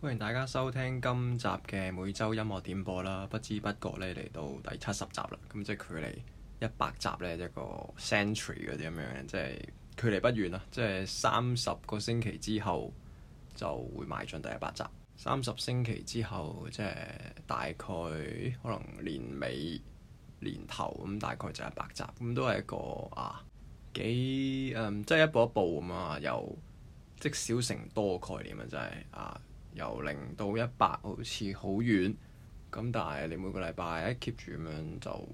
歡迎大家收聽今集嘅每周音樂點播啦！不知不覺咧嚟到第七十集啦，咁即係距離一百集咧一個 century 嗰啲咁樣，即係距離不遠啦。即係三十個星期之後就會邁進第一百集，三十星期之後即係大概可能年尾年頭咁，大概就一百集咁，都係一個啊幾即係、嗯即係、一步一步咁啊，又積少成多嘅概念啊，真係啊～由零到一百好似好遠，咁但係你每個禮拜一 keep 住咁樣就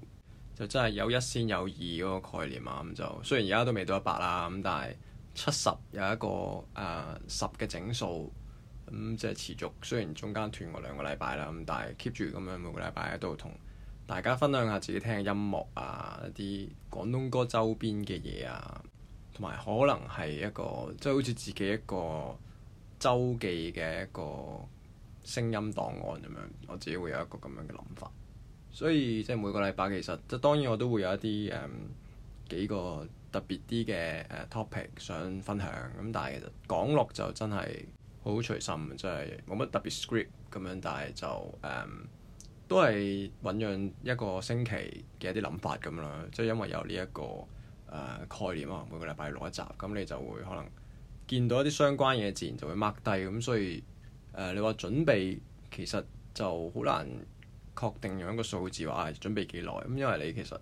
就真係有一先有二個概念啊！咁就雖然而家都未到一百啦，咁但係七十有一個誒、啊、十嘅整數，咁即係持續。雖然中間斷過兩個禮拜啦，咁但係 keep 住咁樣每個禮拜、啊、都同大家分享下自己聽嘅音樂啊，一啲廣東歌周邊嘅嘢啊，同埋可能係一個即係、就是、好似自己一個周記嘅一個聲音檔案咁樣，我自己會有一個咁樣嘅諗法。所以即係每個禮拜其實，即係當然我都會有一啲誒、嗯、幾個特別啲嘅誒 topic 想分享。咁但係其實講落就真係好隨心，就係冇乜特別 script 咁樣。但係就誒都係醞釀一個星期嘅一啲諗法咁啦。即係因為有呢、這、一個誒、呃、概念啊，每個禮拜錄一集，咁你就會可能。見到一啲相關嘢，自然就會掹低咁，所以誒、呃、你話準備其實就好難確定用一個數字話啊準備幾耐咁，因為你其實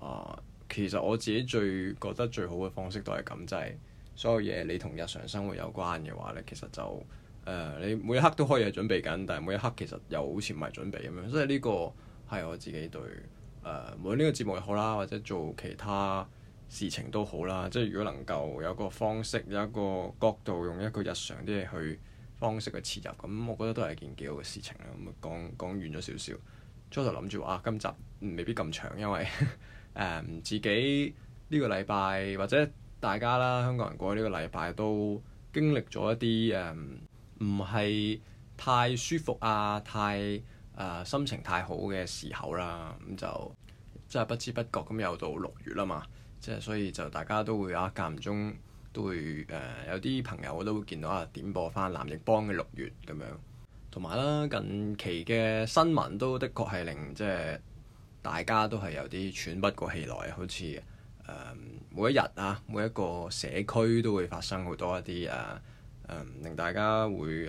啊、呃、其實我自己最覺得最好嘅方式都係咁，就係、是、所有嘢你同日常生活有關嘅話咧，其實就誒、呃、你每一刻都可以係準備緊，但係每一刻其實又好似唔係準備咁樣，所以呢個係我自己對誒每呢個節目又好啦，或者做其他。事情都好啦，即係如果能夠有個方式，有一個角度，用一個日常啲嘢去方式去切入，咁我覺得都係件幾好嘅事情啦。咁啊，講講遠咗少少，初頭諗住話今集未必咁長，因為、 嗯、自己呢個禮拜或者大家啦，香港人過去呢個禮拜都經歷咗一啲誒唔係太舒服啊，太誒、呃、心情太好嘅時候啦，咁就即係不知不覺咁又到六月啦嘛。即係所以就大家都會啊，間唔中都會誒、呃、有啲朋友我都會見到啊，點播翻藍奕邦嘅六月咁樣，同埋啦近期嘅新聞都的確係令即係大家都係有啲喘不過氣來，好似誒、呃、每一日啊，每一個社區都會發生好多一啲誒誒令大家會誒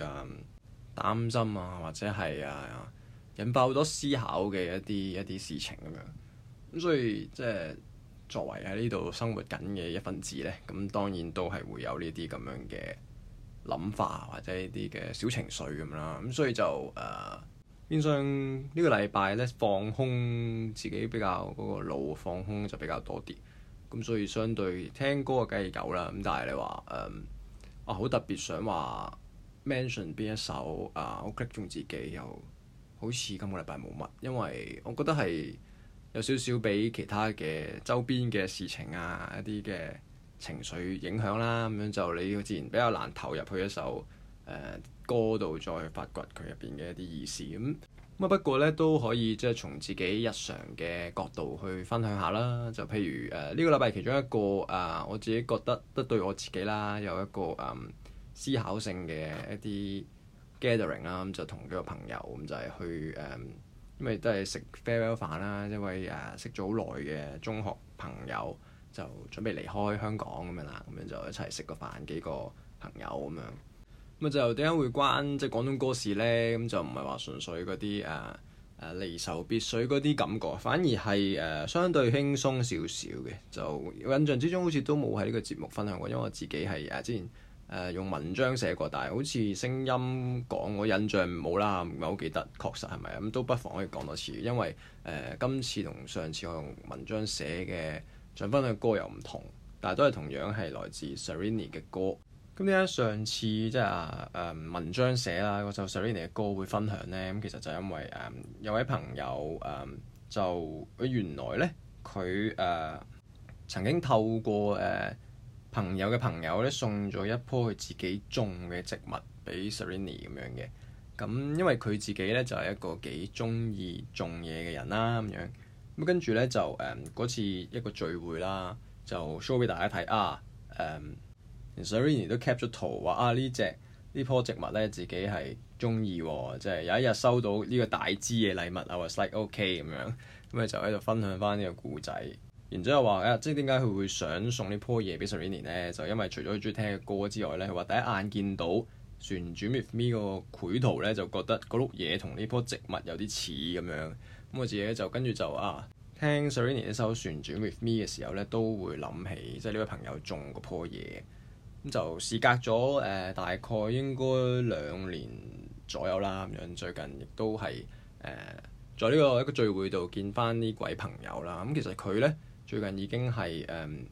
擔、呃、心啊或者係啊引爆好多思考嘅一啲一啲事情咁樣，咁所以即係。作為喺呢度生活緊嘅一份子呢，咁當然都係會有呢啲咁樣嘅諗法或者呢啲嘅小情緒咁啦。咁所以就誒，變相呢個禮拜呢，放空自己比較嗰個腦放空就比較多啲。咁所以相對聽歌梗係有啦。咁但係你話誒、呃，啊好特別想話 mention 邊一首啊？我 click 中自己又好似今個禮拜冇乜，因為我覺得係。有少少俾其他嘅周邊嘅事情啊，一啲嘅情緒影響啦，咁樣就你自然比較難投入去一首誒、呃、歌度再發掘佢入邊嘅一啲意思咁。啊不過呢，都可以即係、就是、從自己日常嘅角度去分享下啦。就譬如誒呢、呃這個禮拜其中一個啊、呃，我自己覺得都對我自己啦有一個誒、呃、思考性嘅一啲 gathering 啦，咁就同幾個朋友咁就係去誒。呃咁咪都係食 farewell 飯啦，因為誒、啊、識咗好耐嘅中學朋友就準備離開香港咁樣啦，咁樣就一齊食個飯，幾個朋友咁樣。咁就點解會關即係、就是、廣東歌事呢？咁就唔係話純粹嗰啲誒誒離愁別緒嗰啲感覺，反而係誒、啊、相對輕鬆少少嘅。就印象之中好似都冇喺呢個節目分享過，因為我自己係誒、啊、之前。誒、呃、用文章寫過，但係好似聲音講，我印象冇啦，唔係好記得，確實係咪？咁都不妨可以講多次，因為誒、呃、今次同上次我用文章寫嘅長分嘅歌又唔同，但係都係同樣係來自 Serrini 嘅歌。咁點解上次即係誒文章寫啦嗰首 Serrini 嘅歌會分享呢？咁其實就因為誒、呃、有位朋友誒、呃、就佢、呃、原來呢，佢誒、呃、曾經透過誒、呃朋友嘅朋友咧送咗一棵佢自己種嘅植物俾 Serrini 咁樣嘅，咁、嗯、因為佢自己咧就係、是、一個幾中意種嘢嘅人啦咁樣，咁、嗯、跟住咧就誒嗰、嗯、次一個聚會啦，就 show 俾大家睇啊誒、嗯、連 Serrini 都 cap 咗圖話啊呢隻呢棵植物咧自己係中意喎，即係有一日收到呢個大支嘅禮物啊，我 like ok 咁樣，咁啊、嗯、就喺度分享翻呢個故仔。然之後話誒、啊，即係點解佢會想送呢棵嘢俾 Serrini 呢？就因為除咗佢中意聽嘅歌之外咧，佢話第一眼見到《旋轉 With Me》個繪圖呢，就覺得個碌嘢同呢棵植物有啲似咁樣。咁我自己就跟住就啊，聽 Serrini 呢首《旋轉 With Me》嘅時候呢，都會諗起即係呢位朋友種嗰樖嘢。咁就事隔咗誒、呃、大概應該兩年左右啦咁樣。最近亦都係誒、呃、在呢、這個一個聚會度見翻啲鬼朋友啦。咁其實佢呢。最近已經係誒、嗯，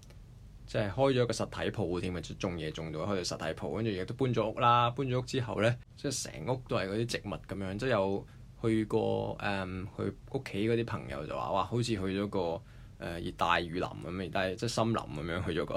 即係開咗個實體鋪添啊！即種嘢種到開咗實體鋪，跟住亦都搬咗屋啦。搬咗屋之後咧，即係成屋都係嗰啲植物咁樣。即有去過誒、嗯，去屋企嗰啲朋友就話：哇，好似去咗個誒熱帶雨林咁樣，但係即森林咁樣去咗個。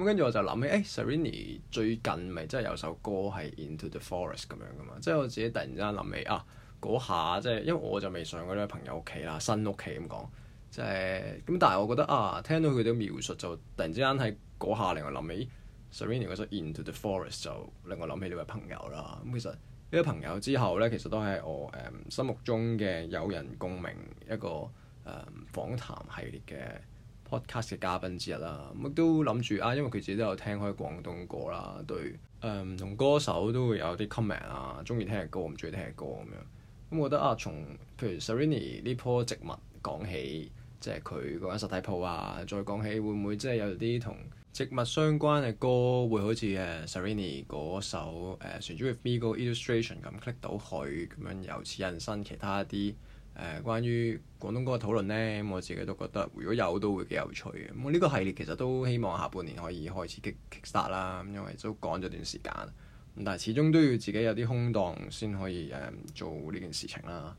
咁跟住我就諗起誒、欸、Serrini 最近咪即係有首歌係 Into the Forest 咁樣噶嘛？即係我自己突然之間諗起啊，嗰下即係因為我就未上過呢個朋友屋企啦，新屋企咁講。即係，咁、就是，但係我覺得啊，聽到佢啲描述就突然之間喺嗰下令我諗起 Serrini 嗰首 Into the Forest 就令我諗起呢位朋友啦。咁、嗯、其實呢位朋友之後咧，其實都係我誒、嗯、心目中嘅有人共鳴一個誒訪談系列嘅 Podcast 嘅嘉賓之一啦。咁、嗯、亦都諗住啊，因為佢自己都有聽開廣東歌啦，對誒唔同歌手都會有啲 comment 啊，中意聽嘅歌唔中意聽嘅歌咁樣，咁、嗯、我覺得啊，從譬如 Serrini 呢棵植物。講起即係佢嗰間實體鋪啊，再講起會唔會即係有啲同植物相關嘅歌，會好似誒 Serrini 嗰首誒《Travel、呃、with Me》g 嗰個 Illustration 咁 click 到佢咁樣，由此引申其他一啲誒、呃、關於廣東歌嘅討論呢。咁我自己都覺得如果有都會幾有趣嘅。咁呢個系列其實都希望下半年可以開始 kick start 啦。因為都講咗段時間，咁但係始終都要自己有啲空檔先可以誒、呃、做呢件事情啦。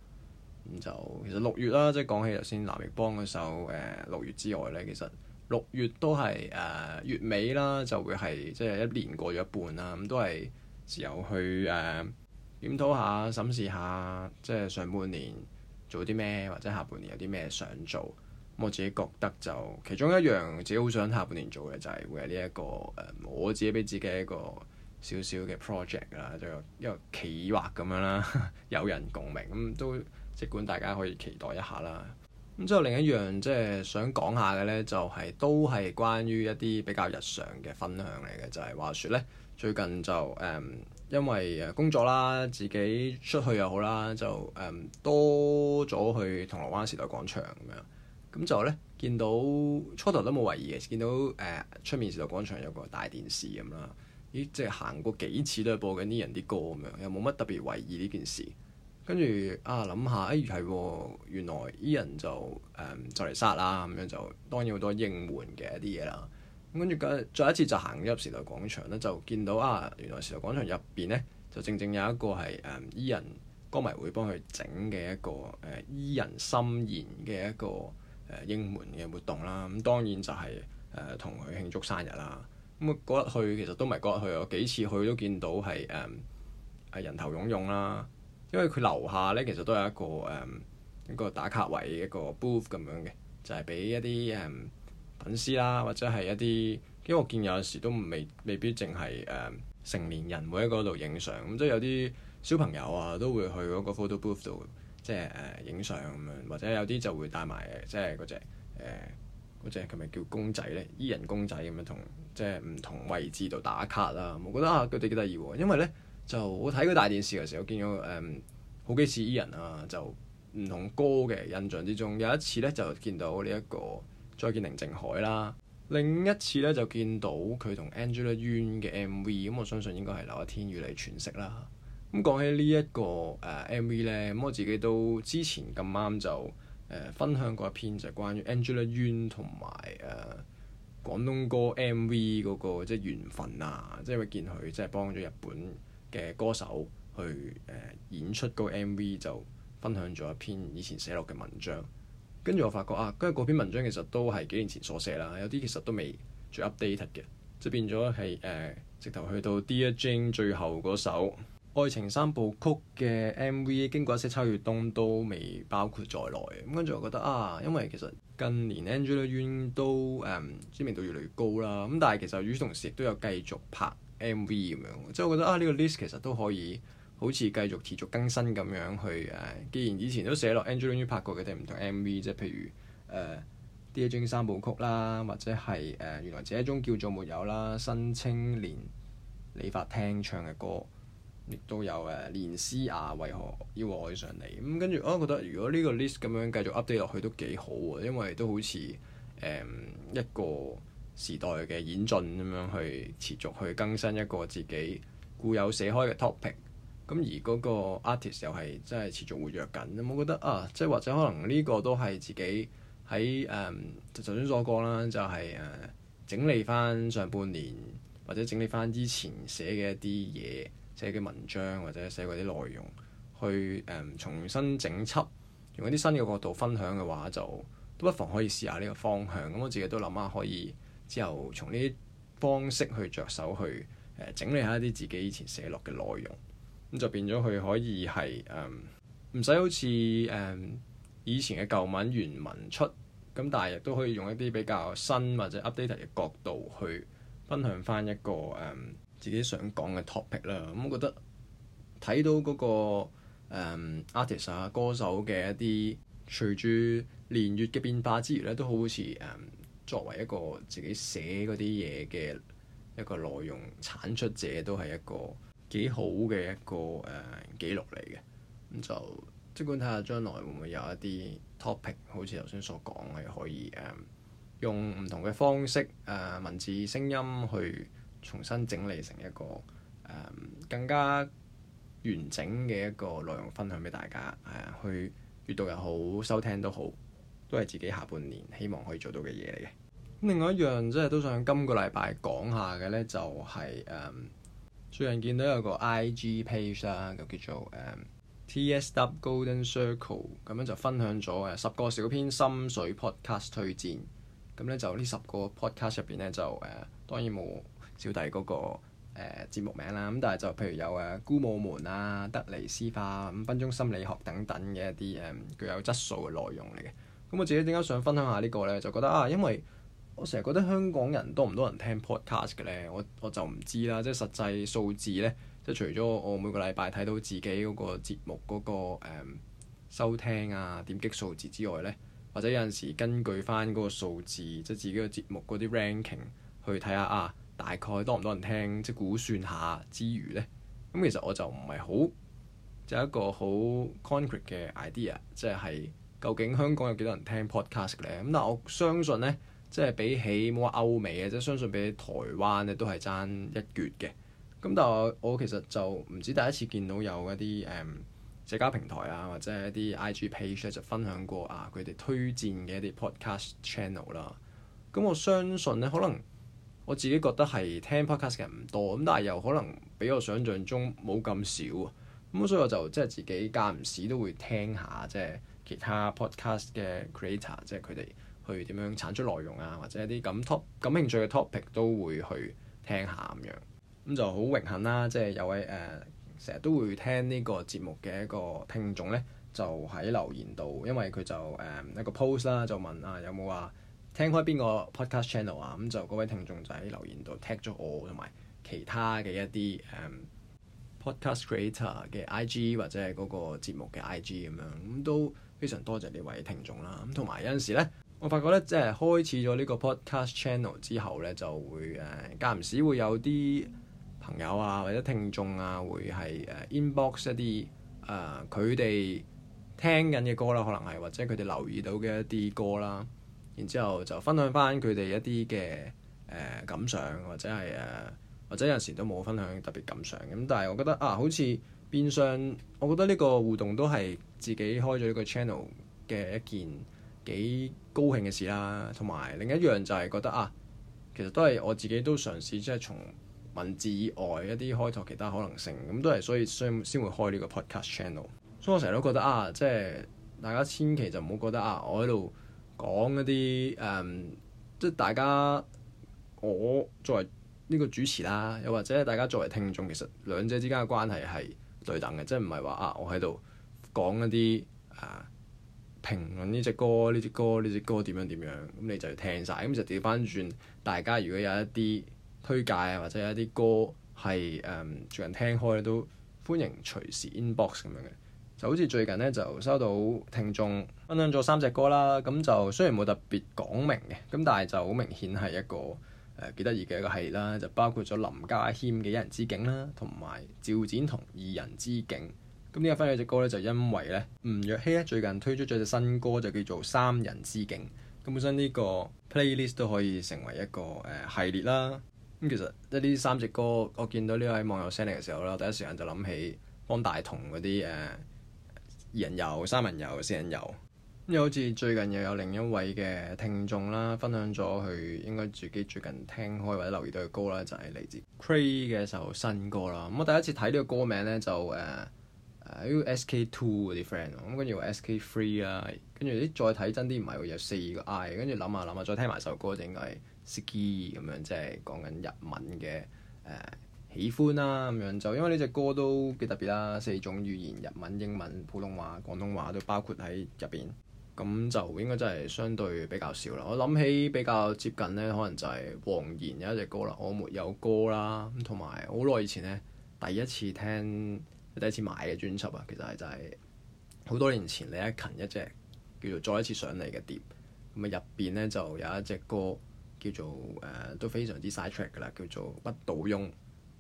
咁就其實六月啦，即係講起頭先南極邦嗰首誒六、呃、月之外呢，其實六月都係誒、呃、月尾啦，就會係即係一年過咗一半啦。咁都係時候去誒、呃、檢討下、審視下，即係上半年做啲咩，或者下半年有啲咩想做。咁我自己覺得就其中一樣自己好想下半年做嘅就係會係呢一個誒、呃、我自己俾自己一個少少嘅 project 啦，就一個企劃咁樣啦， 有人共鳴咁都。即管大家可以期待一下啦。咁之後另一樣即係想講下嘅呢，就係、是、都係關於一啲比較日常嘅分享嚟嘅，就係、是、話説呢，最近就誒、嗯、因為工作啦，自己出去又好啦，就誒、嗯、多咗去銅鑼灣時代廣場咁樣。咁就呢，見到初頭都冇為意嘅，見到誒出、呃、面時代廣場有個大電視咁啦，咦，即係行過幾次都係播緊啲人啲歌咁樣，又冇乜特別為意呢件事。跟住啊，諗下，哎，係原來伊人就誒、嗯、就嚟殺啦，咁樣就當然好多應援嘅一啲嘢啦。咁跟住，再一次就行咗入時代廣場咧，就見到啊，原來時代廣場入邊咧，就正正有一個係誒伊人歌迷會幫佢整嘅一個誒、呃、伊人森弦嘅一個誒應援嘅活動啦。咁當然就係誒同佢慶祝生日啦。咁、嗯、嗰日去其實都唔係日去，我幾次去都見到係誒啊人頭湧湧啦。因為佢樓下咧，其實都有一個誒、嗯、一個打卡位一個 booth 咁樣嘅，就係、是、俾一啲誒、嗯、粉絲啦，或者係一啲，因為我見有時都未未必淨係誒成年人會喺嗰度影相，咁即係有啲小朋友啊都會去嗰個 photo booth 度，即係誒影相咁樣，或者有啲就會帶埋即係嗰隻誒嗰隻係咪叫公仔咧？伊人公仔咁樣同即係唔同位置度打卡啦。我覺得啊，佢哋幾得意喎，因為咧。就我睇佢大電視嘅時候，我見到誒、嗯、好幾次 Ian 啊，就唔同歌嘅印象之中。有一次咧就見到呢、這、一個《再見寧靜海》啦，另一次咧就見到佢同 Angela Yuen 嘅 M V、嗯。咁我相信應該係留一天與你喘息啦。咁、嗯、講起、這個呃 MV、呢一個誒 M V 咧，咁、嗯、我自己都之前咁啱就誒、呃、分享過一篇就係關於 Angela Yuen 同埋誒、呃、廣東歌 M V 嗰、那個即係緣分啊，即係見佢即係幫咗日本嘅歌手去誒、呃、演出個 MV 就分享咗一篇以前寫落嘅文章，跟住我發覺啊，跟住嗰篇文章其實都係幾年前所寫啦，有啲其實都未最 updated 嘅，即係變咗係誒直頭去到 Dear Jane 最後嗰首愛情三部曲嘅 MV，經過一些秋與冬都未包括在內，咁跟住我覺得啊，因為其實近年 Angela Yung 都誒、嗯、知名度越嚟越高啦，咁但係其實與此同時亦都有繼續拍。M.V. 咁樣，即係我覺得啊，呢、這個 list 其實都可以好似繼續持續更新咁樣去誒、啊。既然以前都寫落 Angelina 拍過嘅啲唔同 M.V. 啫，譬如誒《Dear、呃、Jane》三部曲啦，或者係誒、呃、原來這一種叫做沒有啦，《新青年理髮廳》唱嘅歌，亦都有誒《連詩雅為何要愛上你》咁、嗯。跟住我覺得如果呢個 list 咁樣繼續 update 落去都幾好喎、啊，因為都好似誒、嗯、一個。時代嘅演進咁樣去持續去更新一個自己固有寫開嘅 topic，咁而嗰個 artist 又係真係持續活躍緊。咁、嗯、我覺得啊，即係或者可能呢個都係自己喺誒、嗯，頭先所講啦，就係、是、誒、嗯、整理翻上半年或者整理翻之前寫嘅一啲嘢，寫嘅文章或者寫過啲內容，去、嗯、重新整輯，用一啲新嘅角度分享嘅話就，就都不妨可以試下呢個方向。咁、嗯、我自己都諗下可以。之後，從呢啲方式去着手去誒、呃、整理一下一啲自己以前寫落嘅內容，咁就變咗佢可以係誒唔使好似誒以前嘅舊文原文出，咁但係亦都可以用一啲比較新或者 update 嘅角度去分享翻一個誒、呃、自己想講嘅 topic 啦。咁、嗯、我覺得睇到嗰、那個 artist、呃、啊歌手嘅一啲隨住年月嘅變化之餘咧，都好似誒。呃呃呃作為一個自己寫嗰啲嘢嘅一個內容產出者，都係一個幾好嘅一個誒、呃、記錄嚟嘅。咁就即管睇下將來會唔會有一啲 topic，好似頭先所講係可以誒、呃、用唔同嘅方式誒、呃、文字、聲音去重新整理成一個、呃、更加完整嘅一個內容分享俾大家、呃，去閱讀又好、收聽都好。都係自己下半年希望可以做到嘅嘢嚟嘅。另外一樣即係都想今個禮拜講下嘅呢、就是，就係誒最近見到有個 I G page 啦，就叫做誒、嗯、T S W Golden Circle 咁樣就分享咗十個小編心水 Podcast 推薦。咁呢，就呢十個 Podcast 入邊呢，就、呃、誒當然冇小弟嗰、那個、呃、節目名啦。咁但係就譬如有誒菇武門啊、德尼斯化」、「五分鐘心理學等等嘅一啲誒、呃、具有質素嘅內容嚟嘅。咁我自己點解想分享下呢個呢？就覺得啊，因為我成日覺得香港人多唔多人聽 podcast 嘅呢，我我就唔知啦，即係實際數字呢，即係除咗我每個禮拜睇到自己嗰個節目嗰個誒收聽啊點擊數字之外呢，或者有陣時根據翻嗰個數字，即係自己個節目嗰啲 ranking 去睇下啊，大概多唔多人聽，即估算下之餘呢。咁其實我就唔係好有一個好 concrete 嘅 idea，即係。究竟香港有幾多人聽 podcast 咧？咁但我相信咧，即係比起冇話歐美嘅，即係相信比起台灣咧都係爭一撅嘅。咁但係我其實就唔止第一次見到有一啲誒、嗯、社交平台啊，或者係一啲 I G page、啊、就分享過啊，佢哋推薦嘅一啲 podcast channel 啦。咁我相信咧，可能我自己覺得係聽 podcast 嘅人唔多咁，但係又可能比我想象中冇咁少，咁所以我就即係自己間唔時都會聽下即係。其他 podcast 嘅 creator，即係佢哋去點樣產出內容啊，或者一啲咁 t o 感、感興趣嘅 topic 都會去聽下咁樣，咁就好榮幸啦！即係有位誒，成、呃、日都會聽呢個節目嘅一個聽眾呢，就喺留言度，因為佢就誒、呃、一個 post 啦，就問啊有冇話、啊、聽開邊個 podcast channel 啊，咁就嗰位聽眾就喺留言度 tag 咗我同埋其他嘅一啲誒、呃、podcast creator 嘅 IG 或者係嗰個節目嘅 IG 咁樣，咁都～非常多謝呢位聽眾啦，咁同埋有陣時呢，我發覺呢，即係開始咗呢個 podcast channel 之後呢，就會誒間唔時會有啲朋友啊或者聽眾啊會係誒 inbox 一啲誒佢哋聽緊嘅歌啦，可能係或者佢哋留意到嘅一啲歌啦，然之後就分享翻佢哋一啲嘅誒感想，或者係誒或者有陣時都冇分享特別感想嘅，咁但係我覺得啊，好似～變相，我覺得呢個互動都係自己開咗呢個 channel 嘅一件幾高興嘅事啦。同埋另一樣就係覺得啊，其實都係我自己都嘗試即係、就是、從文字以外一啲開拓其他可能性，咁都係所以先先會開呢個 podcast channel。所以我成日都覺得啊，即係大家千祈就唔好覺得啊，我喺度講一啲誒、嗯，即係大家我作為呢個主持啦，又或者大家作為聽眾，其實兩者之間嘅關係係對等嘅，即係唔係話啊，我喺度講一啲啊、呃、評論呢隻歌、呢隻歌、呢隻歌點樣點樣，咁你就要聽晒。咁就調翻轉，大家如果有一啲推介啊，或者有一啲歌係誒、嗯、最近聽開都歡迎隨時 inbox 咁樣嘅。就好似最近呢，就收到聽眾分享咗三隻歌啦，咁就雖然冇特別講明嘅，咁但係就好明顯係一個。誒幾得意嘅一個系列啦，就包括咗林家謙嘅一人之境啦，同埋趙展彤二人之境。咁點解分享呢隻歌咧？就因為咧，吳若希咧最近推出咗隻新歌就叫做三人之境。咁本身呢個 playlist 都可以成為一個誒系列啦。咁其實一啲三隻歌，我見到呢位網友 send 嚟嘅時候啦，我第一時間就諗起方大同嗰啲誒二人遊、三人遊、四人遊。跟住好似最近又有另一位嘅聽眾啦，分享咗佢應該自己最近聽開或者留意到嘅歌啦，就係、是、嚟自 Kray 嘅首新歌啦。咁我第一次睇呢個歌名咧就誒誒、呃呃這個、S K Two 嗰啲 friend，咁跟住話 S K Three 啦，跟住啲再睇真啲唔係喎，有四個 I，跟住諗下諗下再聽埋首歌就應該 Suki 咁樣，即係講緊日文嘅誒、呃、喜歡啦咁樣，就因為呢隻歌都幾特別啦，四種語言，日文、英文、普通話、廣東話都包括喺入邊。咁就應該真係相對比較少啦。我諗起比較接近呢，可能就係黃言有一隻歌啦。我沒有歌啦，同埋好耐以前呢，第一次聽第一次買嘅專輯啊，其實係就係好多年前李克勤一隻叫做《再一次上嚟》嘅碟咁啊，入邊呢，就有一隻歌叫做誒、呃、都非常之 side track 嘅啦，叫做《不倒翁》。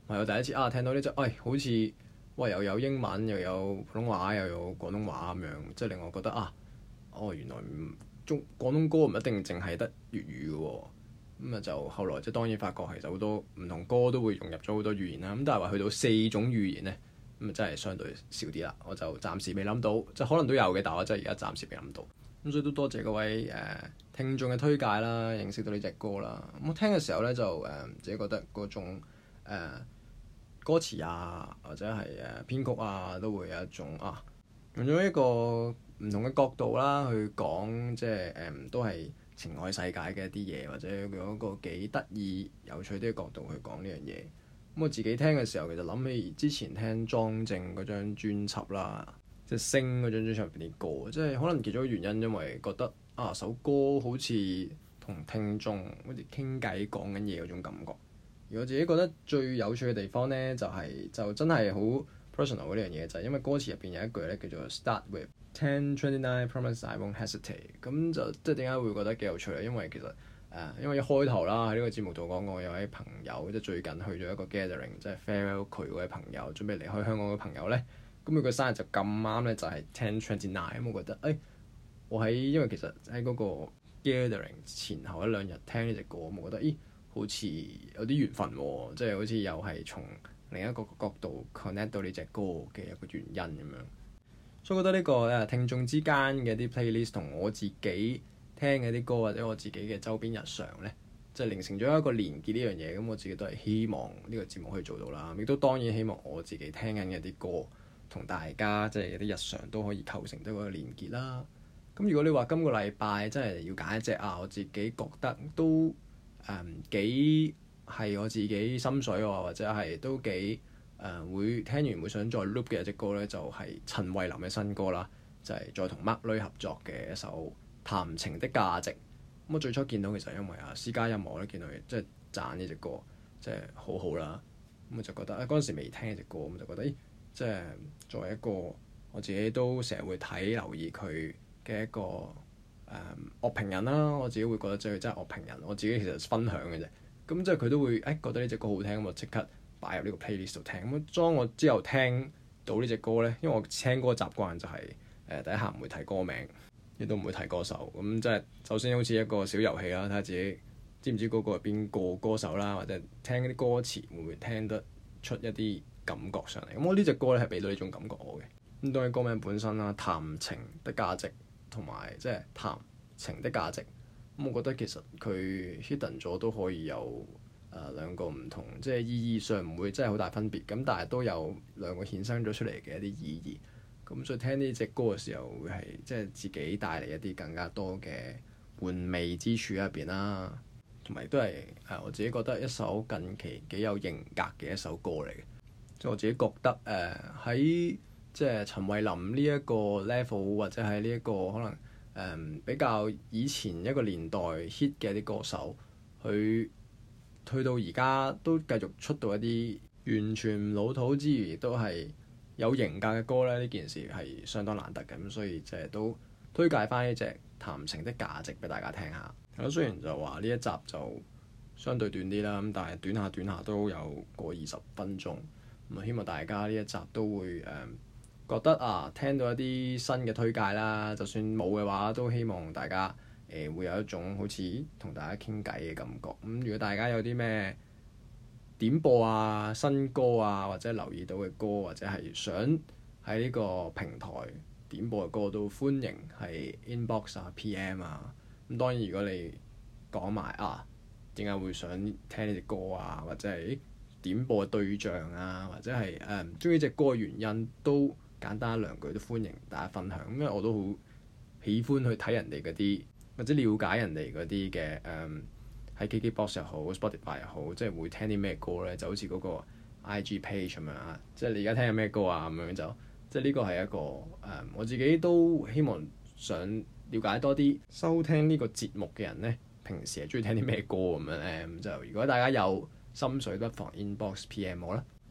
我第一次啊聽到呢隻、哎，喂好似喂又有英文又有普通話又有廣東話咁樣，即係令我覺得啊～哦，原來中廣東歌唔一定淨係得粵語嘅喎，哦，咁啊就後來即係當然發覺其實好多唔同歌都會融入咗好多語言啦，咁但係話去到四種語言呢，咁啊真係相對少啲啦。我就暫時未諗到，即可能都有嘅，但我真係而家暫時未諗到。咁所以都多謝各位誒、呃、聽眾嘅推介啦，認識到呢隻歌啦。咁我聽嘅時候呢，就誒、呃、自己覺得嗰種、呃、歌詞啊，或者係誒編曲啊，都會有一種啊。用咗一個唔同嘅角度啦，去講即係誒、嗯，都係情愛世界嘅一啲嘢，或者用一個幾得意、有趣啲嘅角度去講呢樣嘢。咁我自己聽嘅時候，其實諗起之前聽莊正嗰張專輯啦，即係星嗰張專輯入邊啲歌，即係可能其中原因，因為覺得啊首歌好似同聽眾好似傾偈講緊嘢嗰種感覺。而我自己覺得最有趣嘅地方呢，就係、是、就真係好 personal 呢樣嘢就係因為歌詞入邊有一句咧叫做 Start with ten twenty nine promise I won't hesitate，咁就即係點解會覺得幾有趣咧？因為其實誒、呃，因為一開頭啦喺呢個節目度講我有位朋友，即係最近去咗一個 gathering，即係 farewell 佢位朋友準備離開香港嘅朋友咧，咁佢個生日就咁啱咧，就係 ten twenty nine，咁我覺得誒、欸，我喺因為其實喺嗰個 gathering 前後一兩日聽呢隻歌，咁我覺得咦、欸，好似有啲緣分喎、哦，即係好似又係從。另一個角度 connect 到呢隻歌嘅一個原因咁樣，所以我覺得呢個誒聽眾之間嘅啲 playlist 同我自己聽嘅啲歌或者我自己嘅周邊日常呢，即係形成咗一個連結呢樣嘢。咁我自己都係希望呢個節目可以做到啦，亦都當然希望我自己聽緊嘅啲歌同大家即係有啲日常都可以構成咗一個連結啦。咁如果你話今個禮拜真係要揀一隻啊，我自己覺得都誒、嗯係我自己心水、啊，或者係都幾誒、呃、會聽完會想再 loop 嘅一隻歌咧，就係、是、陳慧琳嘅新歌啦，就係、是、再同 Mark Lui 合作嘅一首《談情的價值》。咁、嗯、我最初見到其實因為啊私家音樂我都見到佢即係讚呢隻歌，即係好好啦。咁、嗯、我就覺得嗰陣、啊、時未聽呢隻歌，咁就覺得即係、就是、作為一個我自己都成日會睇留意佢嘅一個誒、嗯、樂評人啦。我自己會覺得佢真係樂評人，我自己其實分享嘅啫。咁即係佢都會誒、哎、覺得呢隻歌好聽咁啊，即刻擺入呢個 playlist 度聽。咁當我之後聽到呢隻歌呢，因為我聽歌習慣就係、是、誒、呃、第一下唔會睇歌名，亦都唔會睇歌手。咁即係首先好似一個小遊戲啦，睇下自己知唔知嗰個係邊個歌手啦，或者聽啲歌詞會唔會聽得出一啲感覺上嚟。咁我呢隻歌呢，係俾到呢種感覺我嘅。咁當然歌名本身啦，談情的價值同埋即係談情的價值。咁我覺得其實佢 hidden 咗都可以有誒兩個唔同，即係意義上唔會真係好大分別。咁但係都有兩個衍生咗出嚟嘅一啲意義。咁所以聽呢隻歌嘅時候，會係即係自己帶嚟一啲更加多嘅玩味之處入邊啦。同埋都係誒我自己覺得一首近期幾有型格嘅一首歌嚟嘅。即係我自己覺得誒喺即係陳慧琳呢一個 level 或者喺呢一個可能。比較以前一個年代 hit 嘅啲歌手，佢退到而家都繼續出到一啲完全唔老土之餘亦都係有型格嘅歌咧，呢件事係相當難得嘅，咁所以即係都推介翻呢隻《談情的價值》俾大家聽下。係咯，雖然就話呢一集就相對短啲啦，咁但係短下短下都有個二十分鐘，咁希望大家呢一集都會誒。覺得啊，聽到一啲新嘅推介啦，就算冇嘅話，都希望大家誒、呃、會有一種好似同大家傾偈嘅感覺。咁、嗯、如果大家有啲咩點播啊新歌啊，或者留意到嘅歌，或者係想喺呢個平台點播嘅歌，都歡迎係 inbox 啊、P.M. 啊。咁、嗯、當然如果你講埋啊，點解會想聽呢隻歌啊，或者係點播嘅對象啊，或者係誒鍾意呢隻歌嘅原因都，簡單兩句都歡迎大家分享，因為我都好喜歡去睇人哋嗰啲或者了解人哋嗰啲嘅誒，喺、嗯、KKBox 又好，Spotify 又好，即係會聽啲咩歌咧，就好似嗰個 IG page 咁樣啊，即係你而家聽緊咩歌啊咁樣就，即係呢個係一個誒、嗯，我自己都希望想了解多啲收聽呢個節目嘅人咧，平時係鍾意聽啲咩歌咁樣咧，咁、嗯、就如果大家有心水不妨 inbox PM 我啦。